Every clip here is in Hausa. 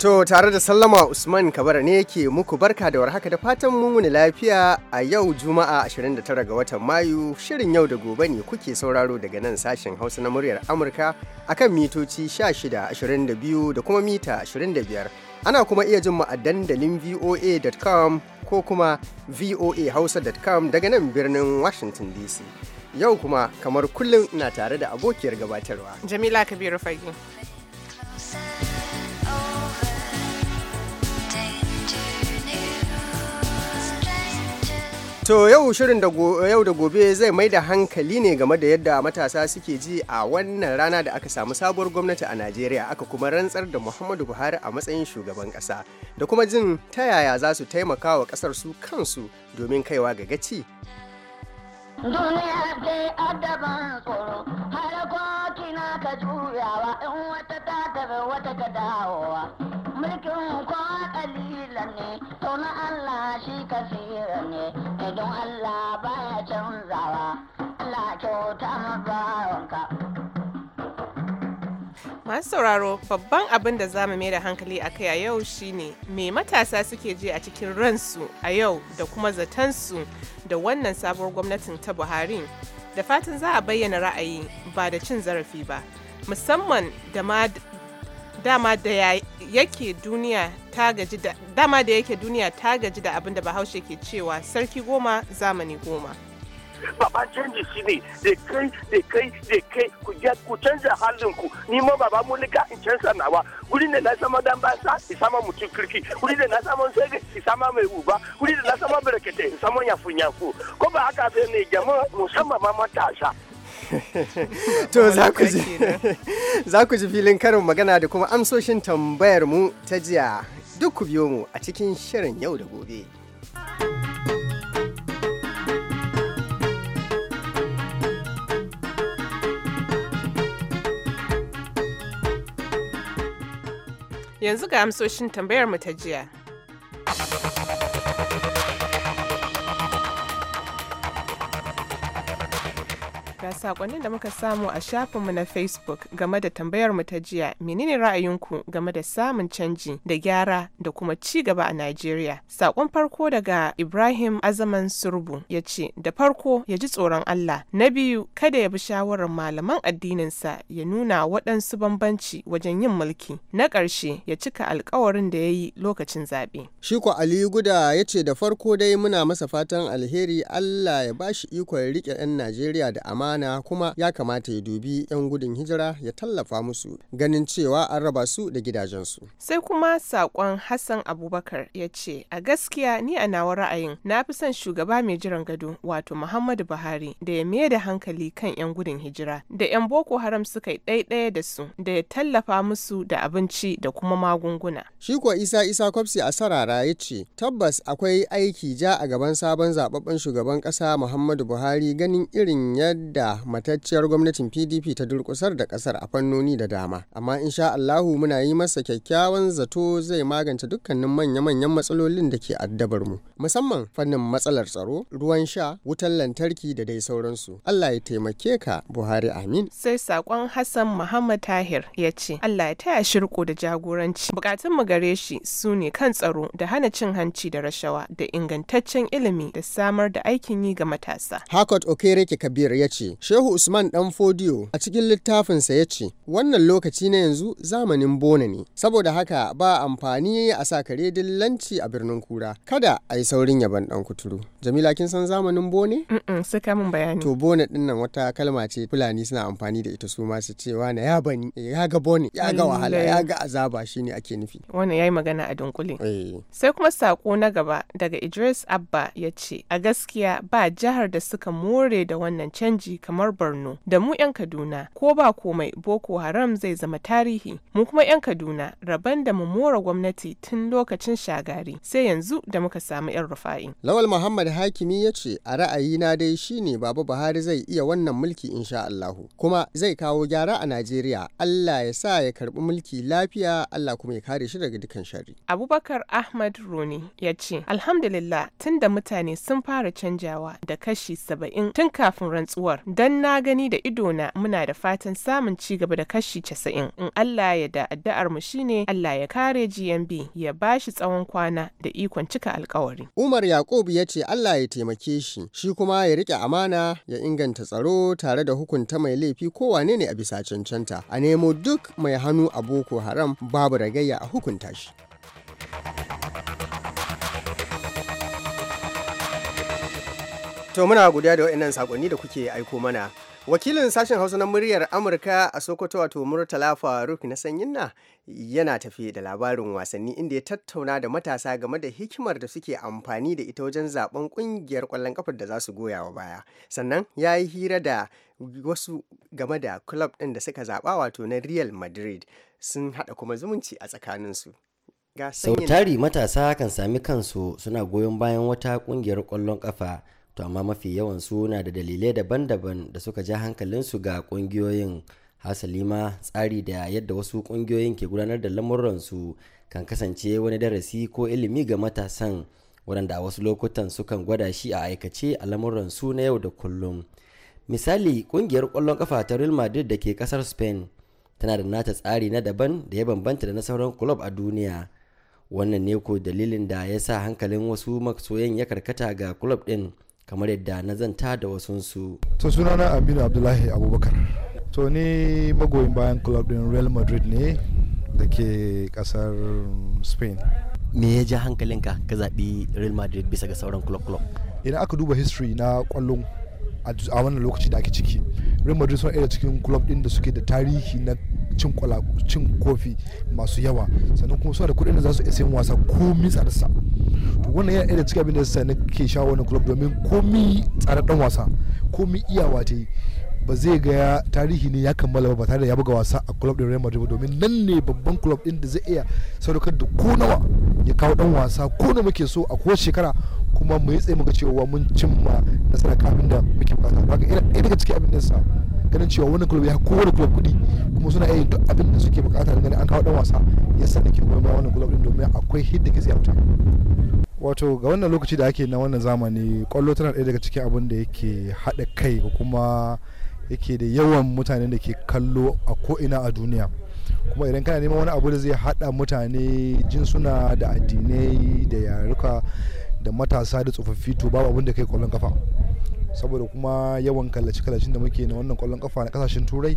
To tare da sallama Usman Kabara ne yake muku barka da warhaka da fatan mun wuni lafiya a yau Juma'a 29 ga watan Mayu shirin yau da gobe ne kuke sauraro daga nan sashen Hausa na muryar Amurka akan mitoci 1622 22 da kuma mita 25. ana kuma iya jin mu a dandalin voa.com ko kuma voahausa.com daga nan birnin washington dc yau kuma kamar kullum ina tare da abokiyar gabatarwa jamila kabiru Fagi. To yau shirin da yau da gobe zai mai da hankali ne game da yadda matasa suke ji a wannan rana da aka samu sabuwar gwamnati a Najeriya aka kuma rantsar da Muhammadu Buhari a matsayin shugaban kasa da kuma jin ta yaya za su taimaka wa ƙasar su kansu domin kaiwa ga gaci. Duniya juyawa wata mulkin kowa ƙalilan ne na Allah shi kasira ne idan Allah baya canzawa Allah kyauta mabawanka masu sauraro babban abin da za mu mai da hankali a kai a yau shine me matasa suke ji a cikin ransu a yau da kuma zatansu da wannan sabuwar gwamnatin ta buhari da fatan za a bayyana ra'ayi ba da cin zarafi ba musamman da ma dama da yake duniya ta gaji da dama duniya ta gaji da abin da bahaushe ke cewa sarki goma zamani goma baba canji shi ne da kai da kai da kai ku ku canza halin ku ni ma baba mu nika in canza nawa guri da na sama dan ba sa ki sama kirki guri da na sama sai ki sama mai uba guri da na sama barkete sama yafu yafu ko ba haka sai ne jama'a musamman ma matasa to za ku ji filin karin magana da kuma amsoshin tambayar mu ta jiya duk ku biyo mu a cikin shirin yau da gobe. Yanzu ga amsoshin tambayar mu ta jiya. ga sakonnin da muka samu a shafinmu na facebook game da tambayar mu ta jiya menene ra'ayinku game da samun canji da gyara da kuma ci gaba a nigeria sakon farko daga ibrahim azaman surbu ya ce da farko ya ji tsoron allah na biyu kada ya bi shawarar malaman addininsa ya nuna waɗansu bambanci wajen yin mulki na ƙarshe ya cika alkawarin da ya yi lokacin zaɓe shi ko ali guda ya ce da farko dai muna masa fatan alheri allah ya bashi ikon riƙe 'yan najeriya da amana amana kuma ya kamata ya dubi 'yan gudun hijira ya tallafa musu ganin cewa an raba su da gidajensu. Sai kuma saƙon Hassan Abubakar ya ce, A gaskiya ni a nawa ra'ayin na fi son shugaba mai jiran gado wato Muhammadu Buhari da ya mayar da hankali kan 'yan gudun hijira da 'yan Boko Haram suka yi ɗaiɗaya da su da ya tallafa musu da abinci da kuma magunguna. Shi ko Isa Isa kwabsi a sarara ya ce, Tabbas akwai aiki ja a gaban sabon zababben shugaban ƙasa Muhammadu Buhari ganin irin yadda da matacciyar gwamnatin pdp ta durkusar da kasar a fannoni da dama amma insha allahu muna yi masa kyakkyawan zato zai magance dukkanin manya-manyan matsalolin da ke addabar mu musamman fannin matsalar tsaro ruwan sha wutar lantarki da dai sauransu allah ya taimake ka buhari amin sai sakon hassan muhammad tahir ya ce allah ya taya shirko da jagoranci bukatun mu gare shi su ne kan tsaro da hana cin hanci da rashawa da ingantaccen ilimi da samar da aikin yi ga matasa hakot okereke kabir ya ce Shehu Usman Dan Fodiyo a cikin littafinsa ya ce, wannan lokaci na yanzu zamanin bona ne, saboda haka ba amfani a sa kare dillanci a birnin kura. Kada a yi saurin yaban dan kuturu. Jamila kin san zamanin bone? su kamun bayani. To bone din nan wata kalma ce Fulani suna amfani da ita su ma su cewa na ya bani, eh, ya ga bone, ya ga wahala, ya ga azaba shine ake nufi. Wannan yayi magana a dunkule. Eh. Sai kuma sako na gaba daga Idris Abba ya ce, a gaskiya ba jihar da suka more da wannan canji kamar Borno da mu 'yan Kaduna ko ba komai Boko Haram zai zama tarihi mu kuma 'yan Kaduna raban da mu mora gwamnati tun lokacin shagari sai yanzu da muka samu 'yan rufa'i. Lawal Muhammad Hakimi ya ce a ra'ayi na dai shine Baba Buhari zai iya wannan mulki insha Allahu kuma zai kawo gyara a Najeriya Allah ya sa ya karbi mulki lafiya Allah kuma ya kare shi daga dukkan shari. Abubakar Ahmad Roni ya ce alhamdulillah tun da mutane sun fara canjawa da kashi saba'in tun kafin rantsuwar don na gani da idona muna da fatan samun ci gaba da kashi casa'in in Allah ya da addu'ar mu shine Allah ya kare GMB ya bashi tsawon kwana da ikon cika alkawari. Umar Yakub ya ce Allah ya taimake shi shi kuma ya rike amana ya inganta tsaro tare da hukunta mai laifi ko wane ne a bisa cancanta a nemo duk mai hannu a Boko Haram babu ragayya a hukunta shi. To muna guda da waɗannan saƙonni da kuke aiko mana. Wakilin sashen Hausa na muryar Amurka a Sokoto wato Murtala Faruk na sanyin na yana tafi da labarin wasanni inda ya tattauna da matasa game da hikimar da suke amfani da ita wajen zaben kungiyar kwallon kafar da za su goya wa baya. Sannan ya yi hira da wasu game da club ɗin da suka zaɓa wato na Real Madrid sun haɗa kuma zumunci a tsakaninsu. Sautari matasa kan sami kansu suna goyon bayan wata ƙungiyar kwallon kafa to amma mafi yawan suna da dalilai daban-daban da suka ja hankalinsu ga kungiyoyin hasali ma tsari da yadda wasu kungiyoyin ke gudanar da lamuransu kan kasance wani darasi ko ilimi ga matasan waɗanda a wasu lokutan sukan gwada shi a aikace a lamuransu na yau da kullum misali ƙungiyar ƙwallon ƙafa ta real madrid da ke ƙasar spain tana da nata tsari na daban da ya bambanta da na sauran kulob a duniya wannan ne ko dalilin da ya sa hankalin wasu masoyan ya karkata ga kulob ɗin kamar yadda na zanta da wasunsu. to sunana aminu abdullahi abubakar to ni magoyin bayan club din real madrid ne da ke kasar spain me ya ja hankalinka ka zaɓi real madrid bisa ga sauran club club idan aka duba history na kwallon a wannan lokaci da ake ciki real madrid suna ɗaya cikin club din da suke da tarihi na cin cin kofi masu yawa sannan kuma suna da kuɗin da za su isa yin wasa komi tsarsa to wannan yana da cikin abin da sa nake sha wani club domin komi tsare dan wasa komi iyawa ta yi ba zai ga tarihi ne ya kammala ba tare da ya buga wasa a club din Real Madrid domin nan ne babban club din da zai iya sadaukar da ko nawa ya kawo dan wasa ko na muke so a kowace shekara kuma mu yi tsaye muka cewa mun cimma nasara kafin da muke bukata haka ina daga cikin abin da sa ganin cewa wani club ya da club kuɗi kuma suna iya duk abin da suke bukata ganin an kawo dan wasa ya yasa ke goyon bayan wannan club din domin akwai hidda ke tsayauta wato ga wannan lokaci da ake na wannan zamani kwallo tana daya daga cikin abin da yake haɗa kai kuma yake da yawan mutane da ke kallo a ko ina a duniya kuma idan kana neman wani abu da zai haɗa mutane jinsuna da addinai da yaruka da matasa da tsofaffi to babu abin da kai kwallon kafa saboda kuma yawan kallaci kallacin da muke na wannan kwallon kafa na kasashen turai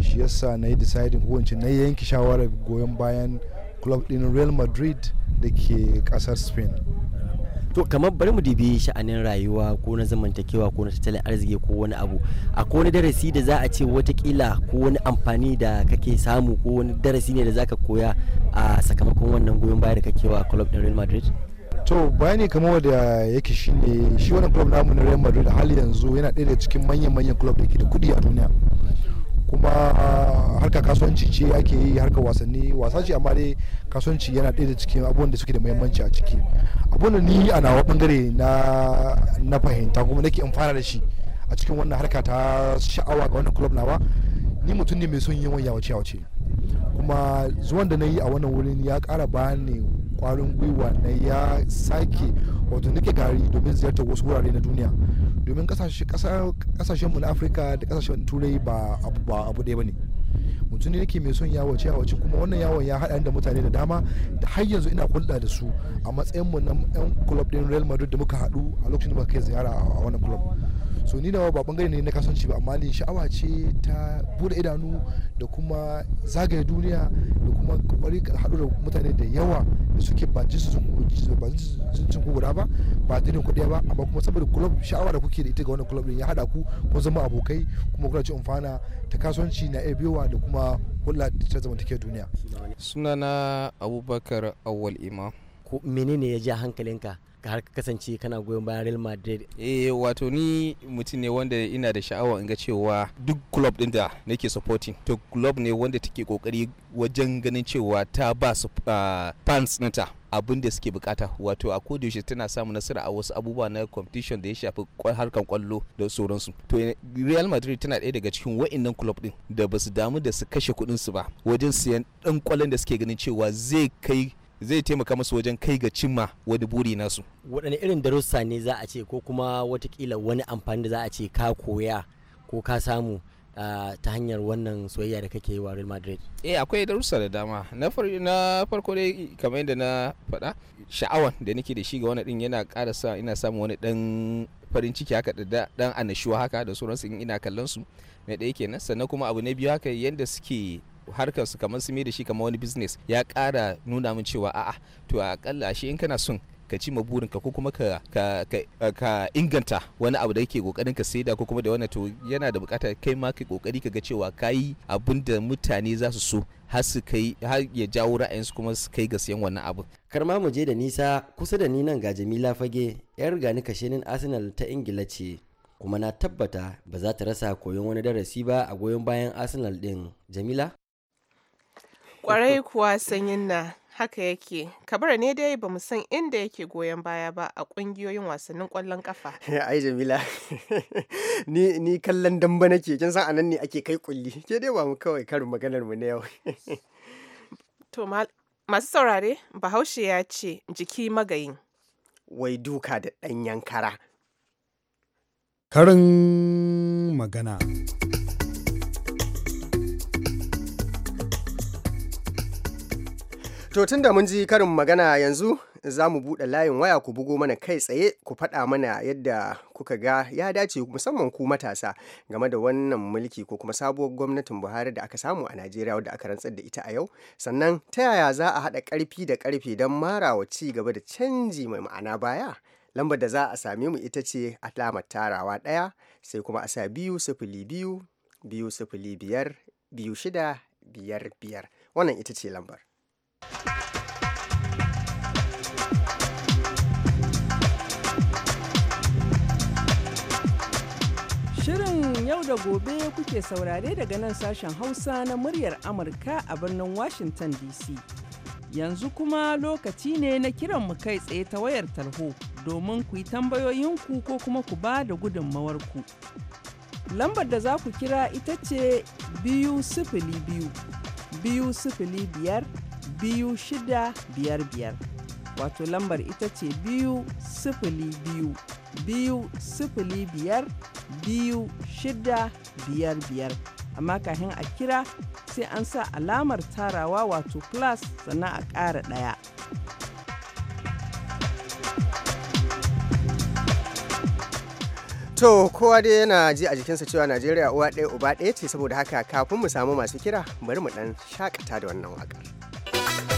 shi yasa na yi deciding kowace na yanki shawarar goyon bayan club din real madrid da ke kasar spain to kamar bari mu dibi sha'anin rayuwa ko na zamantakewa ko na tattalin arziki ko wani abu akwai wani darasi da za a ce watakila ko wani amfani da kake samu ko wani darasi ne da za ka koya a sakamakon wannan goyon baya da kake wa club din real madrid to bayani kamar wadda yake ne shi wannan club namu na Real Madrid hali yanzu yana ɗaya daga cikin manyan manyan club da ke da kuɗi a duniya kuma ah, harka kasuwanci ce ake yi harka wasanni wasa ce amma dai kasuwanci yana ɗaya da cikin abubuwan da suke da muhimmanci a ciki abun da ni a nawa bangare na na fahimta kuma nake amfana da shi a cikin wannan harka ta sha'awa ga wannan club nawa ni mutum ne mai son yin yawace yawace kuma zuwan da na yi a wannan wurin ya ƙara bani kwarin gwiwa na ya sake wato nake gari domin ziyartar wasu wurare na duniya domin kasashen mu na afirka da kasashen turai ba abu ba ɗaya ba ne mutum ne nake mai son yawace yawace kuma wannan yawon ya haɗa da mutane da dama da har yanzu ina kulɗa da su a matsayin mu na yan club din real madrid da muka haɗu a lokacin da muka kai ziyara a wannan club so ni nawa ba bangare ne na kasance ba amma ni sha'awa ce ta bude idanu da kuma zagaye duniya da kuma kwari haɗu da mutane da yawa da suke ba jinsu sun guda ba ba dinin kuɗi ba amma kuma saboda club sha'awa da kuke da ita ga wannan club din ya haɗa ku kun zama abokai kuma kuna ci amfana ta kasuwanci na iya biyowa da kuma hulɗa ta take duniya sunana abubakar awwal ima menene ya ja hankalinka ka har kasance kana goyon bayan Real Madrid. Eh wato ni mutum ne wanda ina da sha'awa in ga cewa duk club din da nake supporting to club ne wanda take kokari wajen ganin cewa ta ba su ah, fans nata abin da suke bukata wato a yaushe tana samun nasara a wasu abubuwa na competition da ya shafi harkan kwallo da sauransu to real madrid tana ɗaya daga cikin wa'innan club din da basu su damu da su kashe kuɗin su ba wajen siyan ɗan kwallon da suke ganin cewa zai kai zai taimaka masu wajen kai ga cimma wani buri nasu waɗanne irin darussa ne za a ce ko kuma watakila wani amfani da za a ce ka koya ko ka samu ta hanyar wannan soyayya da kake yi wa Real Madrid eh akwai darussa da dama na farko dai kamar yadda na faɗa sha'awan da nake da shi ga wani din yana ƙara sa ina samun wani dan farin ciki haka da dan annashuwa haka da sauransu in ina kallon su na ɗaya kenan sannan kuma abu na biyu haka yadda suke harkar su kamar su mai da shi kamar wani business ya kara nuna min cewa a'a to a kalla shi in kana son ka ci ma burinka ko kuma ka, ka, inganta wani abu da yake kokarin ka saida ko kuma da wani to yana da bukatar kai ma ka kokari ka ga cewa kayi abin da mutane za su so har su kai har ya jawo ra'ayinsu kuma su kai ga siyan wannan abu karma mu je da nisa kusa da ni nan ga Jamila Fage yar gani kashenin Arsenal ta Ingila ce kuma na tabbata ba za ta rasa koyon wani darasi ba a goyon bayan Arsenal din Jamila Kwarai kuwa sanyin na haka yake. Kabara ne dai ba mu san inda yake goyon baya ba a ƙungiyoyin wasannin kwallon kafa. Ai Jamila, ni, kallon damba nake, kin san anan ne ake kai kulli. Ke dai ba mu kawai karin maganar mu na yau. to masu saurare, Bahaushe ya ce jiki magayin. Wai duka da ɗanyen kara. Karin magana. To tun da mun ji karin magana yanzu za mu buɗe layin waya ku bugo mana kai tsaye ku faɗa mana yadda kuka ga ya dace musamman ku matasa game da wannan mulki ko kuma sabuwar gwamnatin Buhari da aka samu a Najeriya wadda aka rantsar da ita a yau. Sannan ta yaya za a haɗa ƙarfi da ƙarfe don marawa ci gaba da canji mai ma'ana baya? Lambar da za a same mu ita ce alamar tarawa ɗaya sai kuma a sa biyu sifili biyu biyu sifili biyar biyu shida biyar biyar wannan ita ce lambar. Shirin yau da gobe kuke saurare daga nan sashen Hausa na muryar Amurka a birnin Washington DC. Yanzu kuma lokaci ne na kiran mu kai tsaye ta wayar tarho domin ku yi tambayoyinku ko kuma ku ba da gudunmawarku. Lambar da za ku kira ita ce biyu sifili biyu, biyu sifili biyar, biyu shida biyar biyar wato lambar ita ce biyu sifili biyu biyu sifili biyar biyu shida biyar biyar amma kafin a kira sai an sa alamar tarawa wato plus sannan a ƙara ɗaya. To kowa dai yana ji a jikinsa cewa Najeriya uwa ɗaya uba ɗaya ce saboda haka kafin mu samu masu kira bari mu ɗan shakata da wannan waƙar.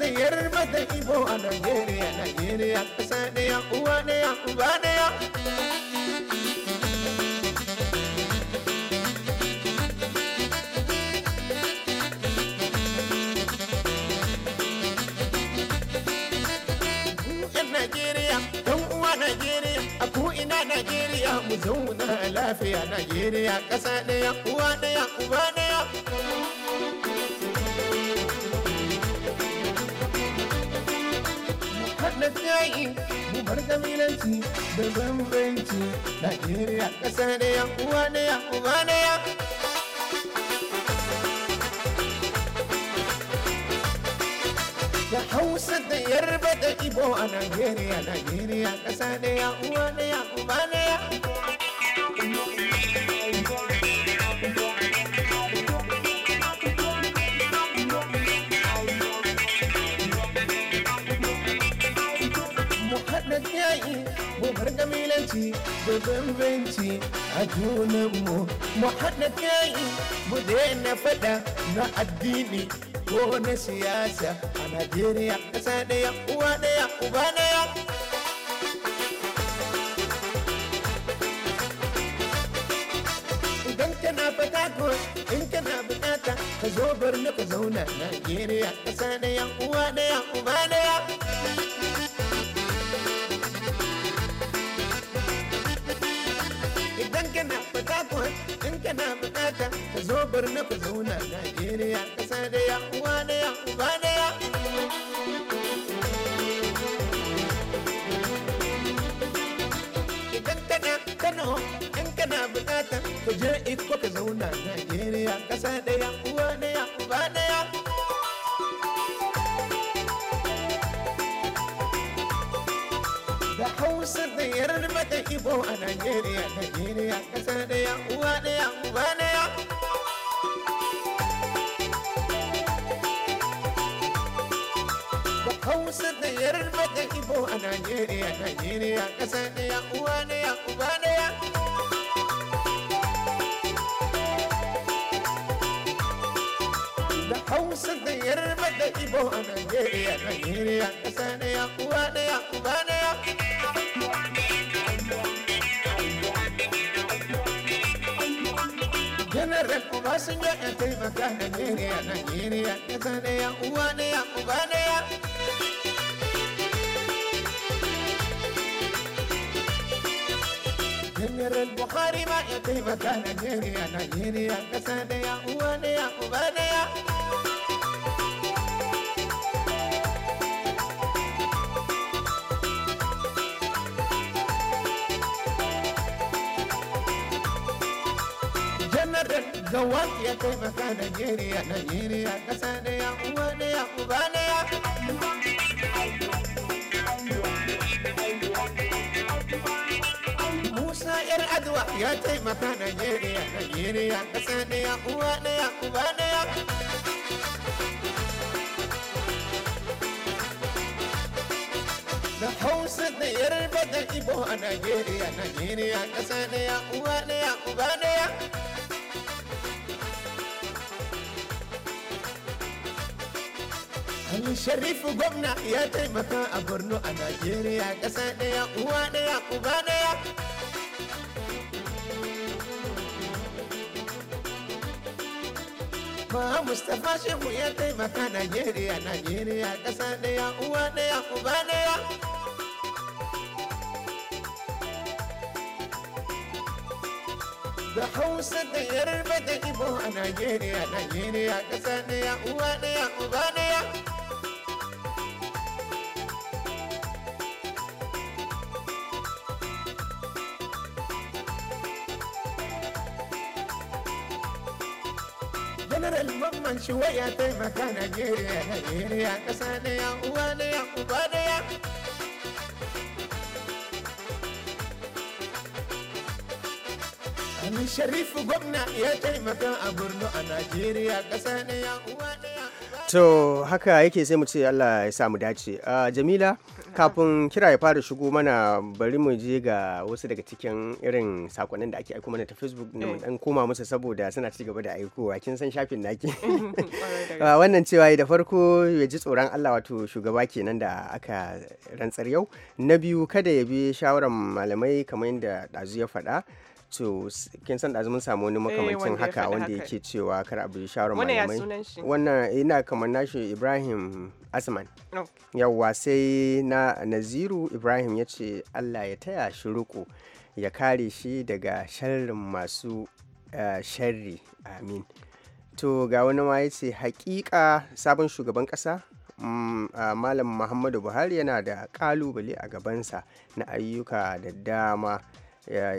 ziyar mata ibo a Najeriya, Najeriya, ƙasa ɗaya, uwa ɗaya, uba ɗaya. Najeriya mu zauna lafiya Najeriya ƙasa ɗaya uwa ɗaya uba ɗaya yaƙi mu bar kabilanci da bambanci Najeriya ƙasa ɗaya uwa ɗaya uba ɗaya. Da Hausa da Yarba da Ibo a Najeriya, Najeriya ƙasa ɗaya uwa ɗaya uba ɗaya. bambanci da bambanci a junanmu mu haɗa kai mu daina faɗa na addini ko na siyasa a Najeriya ƙasa ɗaya uwa ɗaya uba ɗaya. Idan kana fata ko in kana bukata ka zo bar na ka zauna Najeriya ƙasa ɗaya uwa ɗaya uba ɗaya. kana bukata in kana bukata ka zo bar na ku zauna Najeriya kasa daya uwa daya uba daya idan kana Kano in kana bukata ka je iko ka zauna Najeriya kasa daya uwa daya uba daya amsar da yarar mata ibo a Najeriya, Najeriya kasa daya, uwa daya, uba daya. Hausa da yarar mata ibo a Najeriya, Najeriya kasa daya, uwa daya, uba daya. Da Hausa da yarar mata ibo a Najeriya, Najeriya kasa daya, uwa daya, uba daya. uba sun ya ɗan taimaka Nigeria Ƙasa uwa uba General Buhari ma ya taimaka Najeriya, Najeriya. Ƙasa ɗaya uwa ɗaya uba ɗaya ga wasu ya kai baka Najeriya, Najeriya ƙasa ɗaya, uwa ɗaya, uba ɗaya. Musa ‘yar Adwa ya taimaka Najeriya, Najeriya ƙasa ɗaya, uwa ɗaya, uba ɗaya. Da Hausa da Yarba da Ibo a Najeriya, Najeriya ƙasa ɗaya, uwa ɗaya, uba ɗaya. sharifu gwamna ya taimaka a borno a najeriya ƙasa ɗaya uwa ɗaya uba ɗaya ma mustapha shehu ya taimaka najeriya najeriya ƙasa ɗaya uwa ɗaya uba ɗaya da hausa da yarba da ibo a najeriya najeriya ƙasa ɗaya uwa ɗaya uba ɗaya general mamman shi waya taimaka Najeriya nigeria kasa da ya uwa da ya uba da ya Ali Sharifu gwamna ya taimaka a Borno a Najeriya kasa da ya uwa da ya uba To haka yake sai mu ce Allah ya samu dace. Ah, Jamila kafin kira ya fara shigo mana bari mu je ga wasu daga cikin irin sakonnin da ake aiko mana ta facebook na mu eh. dan koma musu saboda suna ci gaba da aikowa kin san shafin naki ah, wannan cewa da farko ya ji tsoron Allah wato shugaba kenan da aka rantsar yau na biyu kada ya bi shawaran malamai kamar yadda ɗazu ya faɗa to kin san da mun samu wani eh, makamancin haka wanda yake cewa kar abu shawarar malamai wannan ina kamar nashi ibrahim asman oh. yawa sai na naziru ibrahim ya ce allah ya taya shi riko ya kare shi daga sharrin masu eh, sharri amin to ga wani ma ya ce hakika sabon shugaban kasa mm, malam muhammadu buhari yana da kalubale a gabansa na ayyuka da dama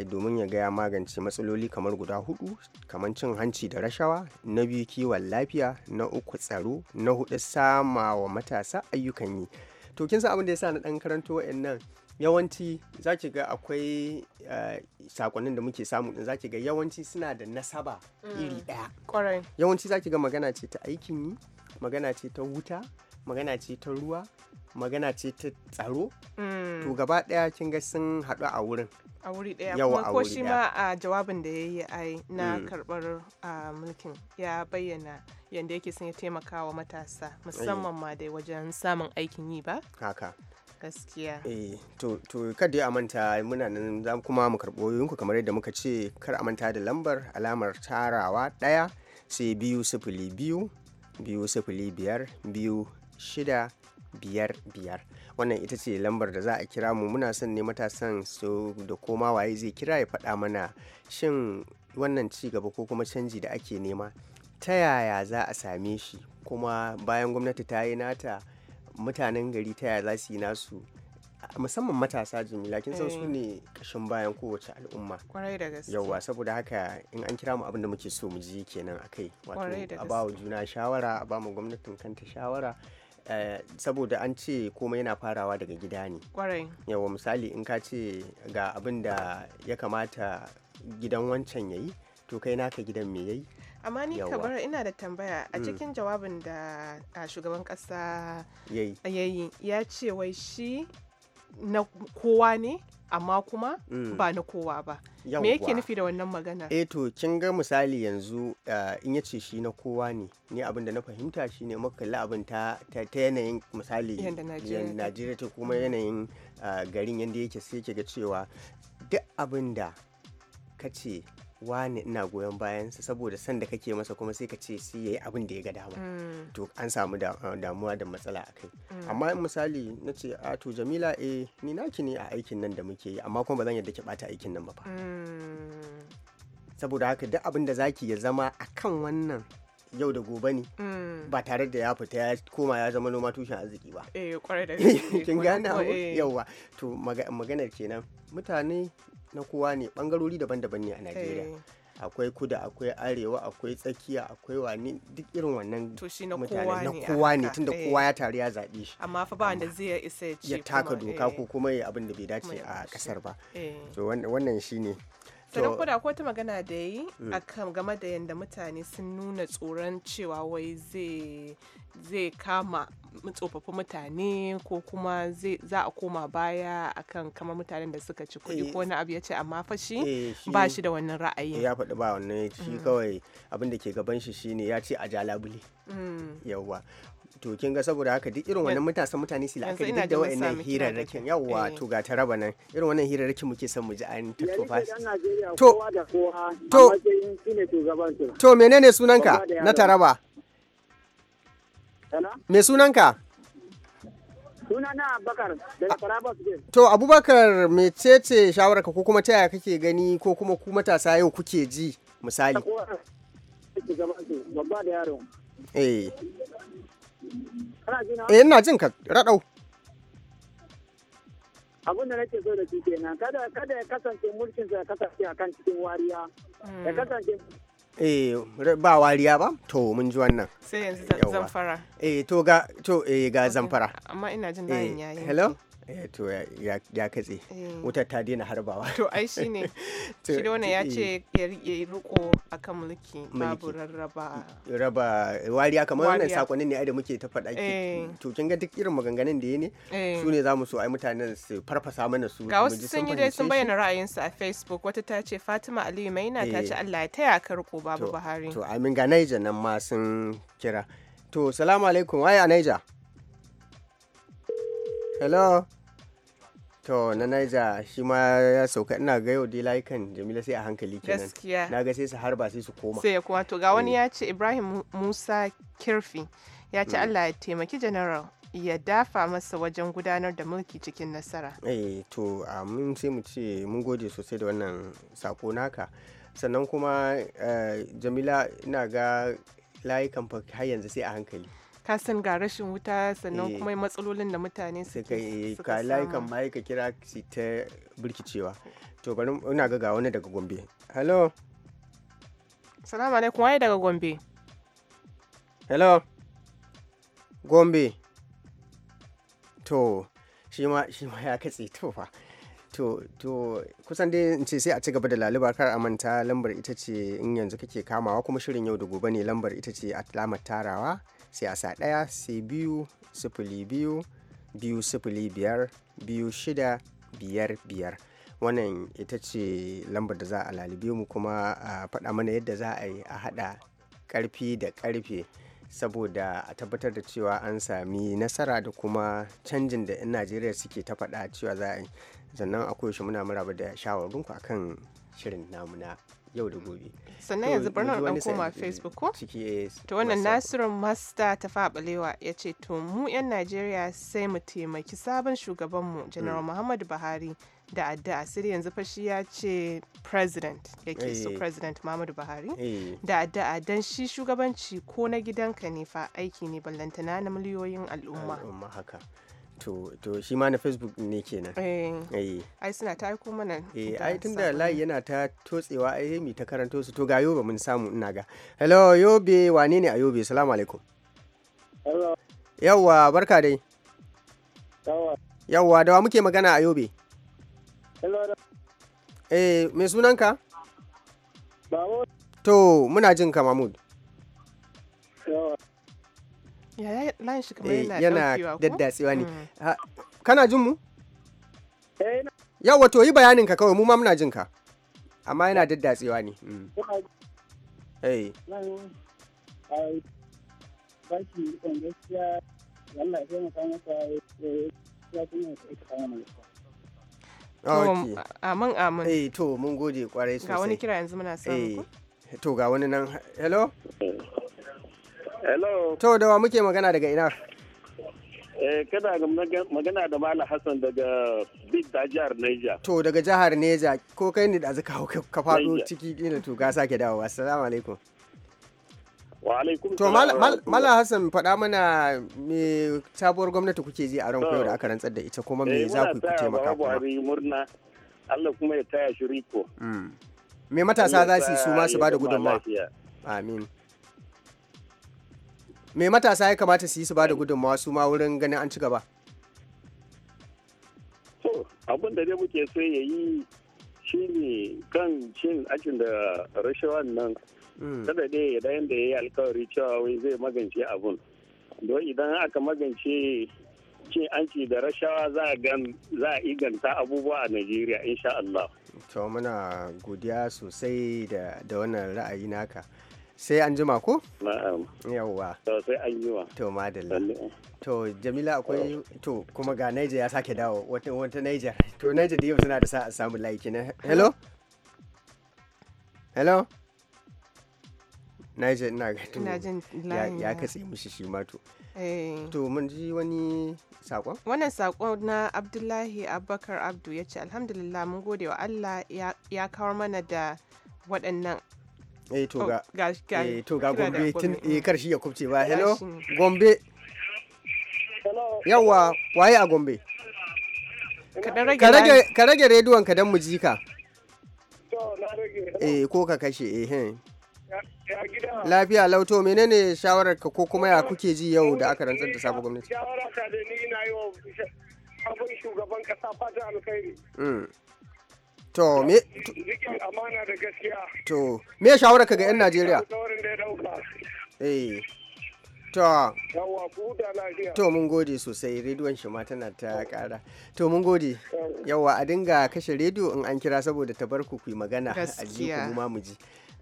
domin ya gaya magance matsaloli kamar guda hudu kamar cin hanci da rashawa na biyu kiwon lafiya na uku tsaro na hudu sama wa matasa ayyukan yi to kin san abin da yasa na dan karanto wa'annan yawanci za ga akwai eh, sakonnin da muke samu din za ga yawanci suna da nasaba mm. iri daya yawanci zaki ga magana ce ta aikin yi magana ce ta wuta magana ce ta ruwa magana ce ta tsaro mm. to gaba daya kin ga sun haɗu a wurin a wuri daya kuma ko shi ma a jawabin da ya yi ai na mm. karbar mulkin ya bayyana yadda yake sun ya taimaka matasa musamman eh. ma dai wajen samun aikin yi ba haka gaskiya eh to to kada ya manta muna nan za kuma mu karbo yunku kamar yadda muka ce kar a manta da lambar alamar tarawa daya sai biyu sifili biyu biyu sifili biyar biyu shida biyar biyar wannan ita ce lambar da za a kira mu muna son ne matasan su da koma waye zai kira ya faɗa mana shin wannan ci gaba ko kuma canji da ake nema ta yaya za a same shi kuma bayan gwamnati ta yi nata mutanen gari ta yaya za su yi nasu musamman matasa jimila kin san su eh. ne kashin bayan kowace al'umma kwarai da saboda haka in an kira mu abin da muke so mu ji kenan akai wato a ba juna shawara a ba mu gwamnatin kanta shawara Eh, saboda an ce komai yana farawa daga gida ne yawa misali in ka ce ga abin da ya kamata gidan wancan yayi to kai naka gidan me yayi amma ni bar ina da tambaya a mm. cikin jawabin da shugaban kasa yayi ya ce wai shi na kowa ne amma kuma mm. ba na kowa ba me yake nufi da wannan magana eh to kin ga misali yanzu uh, in yace shi na kowa ne ni abin da na fahimta shi ne muka kalli abin ta ta yanayin misali Najeriya ta kuma yanayin eh, garin yanda yake sai ke ga cewa duk abin da ka ce wani ina goyon bayansa saboda san da kake masa kuma sai ka ce sai yayi abin da ya ga dama mm. to an samu ah, damuwa da matsala a kai mm. amma misali na ce a ah, to jamila eh ni naki ne a aikin nan da muke yi amma kuma ba zan yadda ki bata aikin nan ba fa mm. saboda haka duk abin da zaki ya zama akan wannan yau da gobe ne ba tare da ya fita ya koma ya zama noma tushen arziki ba. Eh kwarai da kin gane eh. yauwa to maganar kenan mutane na kowa ne bangarori daban-daban ne a najeriya akwai kuda akwai arewa akwai tsakiya akwai wani duk irin wannan mutane na kowa ne tunda eh. kowa ya taru ya zaɓe shi amma fa ba wanda zai isa ya taka doka eh. ko kuma ya abin da bai dace a kasar ba eh. wannan shine sannan ko ko ta magana da yi mm. akan game da yadda mutane sun nuna tsoron cewa wai zai kama tsofaffin mutane ko kuma za a koma baya akan kama mutanen da suka ci kuɗi eh. ko wani abu ya ce amma fashi eh, ba shi da wannan ra'ayi ya faɗi ba wannan shi mm. kawai abin da ke gaban shi shine ya ce a ja labule mm. yawwa to kin ga saboda haka duk irin wannan matasan mutane su la'akari duk da wa'annan hirarrakin yawwa eh. to ga ta raba nan irin wannan hirarrakin muke son mu ji an tattofa to to to menene sunanka na taraba me sunanka To abubakar me ce to abubakar mecece shawararka ko kuma ta yaya kake gani ko kuma ku matasa yau kuke ji misali babba da yaro eh Eh ina jin ka raɗau. abin da nake so da shi kenan kada kada ya kasance mulkin sa kasance a kan cikin wariya hmm. ya kasance Eh ba wariya ba to mun ji wannan sai yanzu zamfara eh to ga to eh ga zamfara amma ina jin layin eh, yayin. hello Eh, to ya katse eh. wutar ta daina harbawa to ai shi ne shi ya eh, ce ya riko aka mulki babu rarraba raba wariya kamar wannan sakonin ne ai da muke ta faɗa to kin ga duk irin maganganun da ya ne su ne za mu so ai mutanen su farfasa mana su ga wasu sun yi dai sun bayyana ra'ayinsu a facebook wata ta ce fatima aliyu maina ta ce allah ya taya ka ruko babu buhari to amin ga naija nan ma sun kira to salamu alaikum waye a naija hello to na naija shi ma ya sauka ina ga yau dai layukan jamila sai a hankali kenan nan na ga sai su harba sai su koma sai ya kuma to ga wani eh. ya ce ibrahim musa kirfi ya ce mm. allah ya taimaki general ya dafa masa wajen gudanar da mulki cikin nasara eh to mun sai mu ce mun gode sosai da wannan sako naka sannan kuma eh, jamila ina ga layukan fa har yanzu sai a hankali ka san ga rashin wuta sannan eh, kuma matsalolin da mutane suka yi ka layukan ma ka kira su ta birkicewa to bari ina ga ga wani daga gombe hello salamu alaikum waye daga gombe hello gombe to shi ma ya katse to fa to to kusan dai in ce sai a ci gaba da laluba kar a manta lambar ita ce in yanzu kake kamawa kuma shirin yau da gobe ne lambar ita ce alamar tarawa sai a sa ɗaya sai biyu sifili biyu biyu sifili biyar biyu shida biyar biyar wannan ita ce lambar da za a lalibe mu kuma a faɗa mana yadda za a yi a haɗa ƙarfi da ƙarfe saboda a tabbatar da cewa an sami nasara da kuma canjin da 'yan najeriya suke ta faɗa cewa za a yi sannan a koyaushe muna maraba da ku akan shirin namu na yau da gobe sannan yanzu barnar dan koma facebook ko to wannan nasiru masta ta balewa ya ce to mu 'yan najeriya sai mu taimaki sabon shugabanmu general mm. muhammadu buhari da addu'a sai yanzu fashi ya ce president yake so eh. president muhammadu buhari eh. da addu'a don shi shugabanci ko na gidanka ne fa aiki ne ballantana na miliyoyin al'umma haka to to shi ma na facebook ne kenan eh, eh. ai suna ta aiko mana eh ai tunda layi yana ta totsewa ai mi ta karanto su to ga yobe mun samu ina ga hello yobe wane ne a yobe salamu alaikum hello yawwa barka dai yawwa wa muke magana a yobe hello eh me sunanka bawo to muna jin ka mahmud yawa Eh, yana ne. Kana jin mu? Eh, yau yi bayanin ka kawai mu ma muna jin ka. Amma yana daddatsewa ne. Eh. to mun gode kwarai sosai. wani muna samu. Eh, to ga wani nan. Hello? Hello. To dawa muke magana daga ina? Eh kana magana da Malam Hassan daga Big da jihar Niger. To daga jihar Niger ko kai ne da zaka ka faɗo ciki ina to ga sake dawo Assalamu alaikum. Wa alaikum To Malam Hassan faɗa mana me sabuwar gwamnati kuke ji a ran koyo da aka rantsar da ita kuma me eh, za ku taimaka kuma? murna. Allah kuma ya taya shiriko. Mm. Me matasa za su su ma su ba da gudunmawa. Amin. me matasa ya kamata su yi su ba da gudunmawa su ma wurin ganin an ci gaba to abin da dai muke so ya yi shine kan cin ajin da rashawan nan hmm. kada dai idan da ya yi alkawari cewa wai zai magance abun don idan aka magance cin anci da rashawa za a inganta abubuwa a najeriya insha Allah. to muna godiya sosai da wannan ra'ayi naka sai an jima ko? na'am yawwa sai an jima to madalla to jamila akwai to kuma ga naija ya sake dawo wata wata naija to naija da yau suna da sa a samu layi kenan hello hello Niger ina ga to ya katse mishi shi ma to eh. to mun ji wani sakon wannan sakon na abdullahi abubakar abdu ya ce alhamdulillah mun gode wa allah ya kawar mana da waɗannan eh gombe tun eh ya kubce ba hello gombe a gombe ka rage rediyon ka dan mu ji ka eh ko ka kashe eh lafiya lauto menene shawarar ka ko kuma ya kuke ji yau da aka rantsar da sabon gwamnati shawara ka da ni na yi wa shugaban kasa fatan alkhairi mm. To me amana To me shawara ka ga 'yan Najeriya? Eh. To. To mun gode sosai rediyon shi ma tana ta kara. To mun gode. Yawa a dinga kashe rediyo in an kira saboda ta bar ku magana a ji ku mu ji.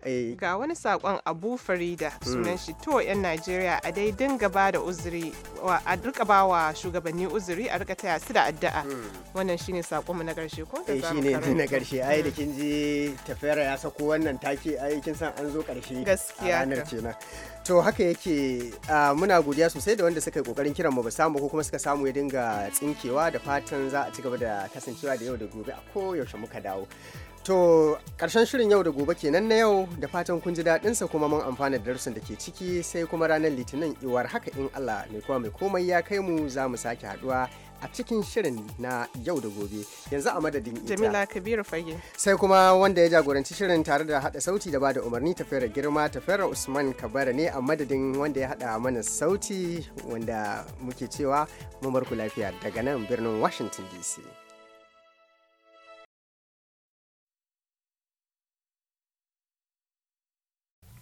Eh. Ga wani saƙon Abu Farida hmm. sunan shi to 'yan Najeriya a dai dinga ba da uzuri a rika ba wa shugabanni uzuri a rika taya su da addu'a. Hmm. Wannan shine saƙonmu na karshe ko? Eh, shi ne na karshe ai da hmm. kin ji tafera ya sako wannan take ai kin san an zo karshe Gaskiya. ranar kenan. to haka yake muna godiya sosai da wanda suka yi kokarin kiran mu ba samu ko kuma suka samu ya dinga tsinkewa da fatan za a ci gaba da kasancewa da yau da gobe a koyaushe muka dawo To karshen shirin yau da gobe kenan na yau da fatan kun ji daɗinsa kuma mun amfana da darussan da ke ciki sai kuma ranar litinin iwar haka in Allah mai kuma mai komai ya kai mu za mu sake haɗuwa a cikin shirin na yau da gobe yanzu a madadin ita jamila kabiru fage sai kuma wanda ya jagoranci shirin tare da hada sauti da bada umarni tafera girma tafera usman kabara ne a madadin wanda ya hada mana sauti wanda muke cewa mu lafiya daga nan birnin washington dc